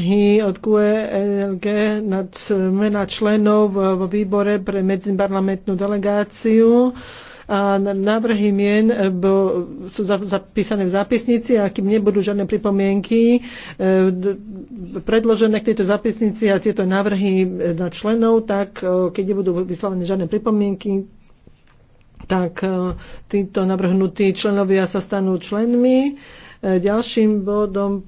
snahy od QLG e nad mena členov vo výbore pre medziparlamentnú delegáciu a návrhy mien e, bo, sú zapísané v zápisnici a kým nebudú žiadne pripomienky e, predložené k tejto zápisnici a tieto návrhy na členov, tak keď nebudú vyslovené žiadne pripomienky, tak títo navrhnutí členovia sa stanú členmi. Ďalším bodom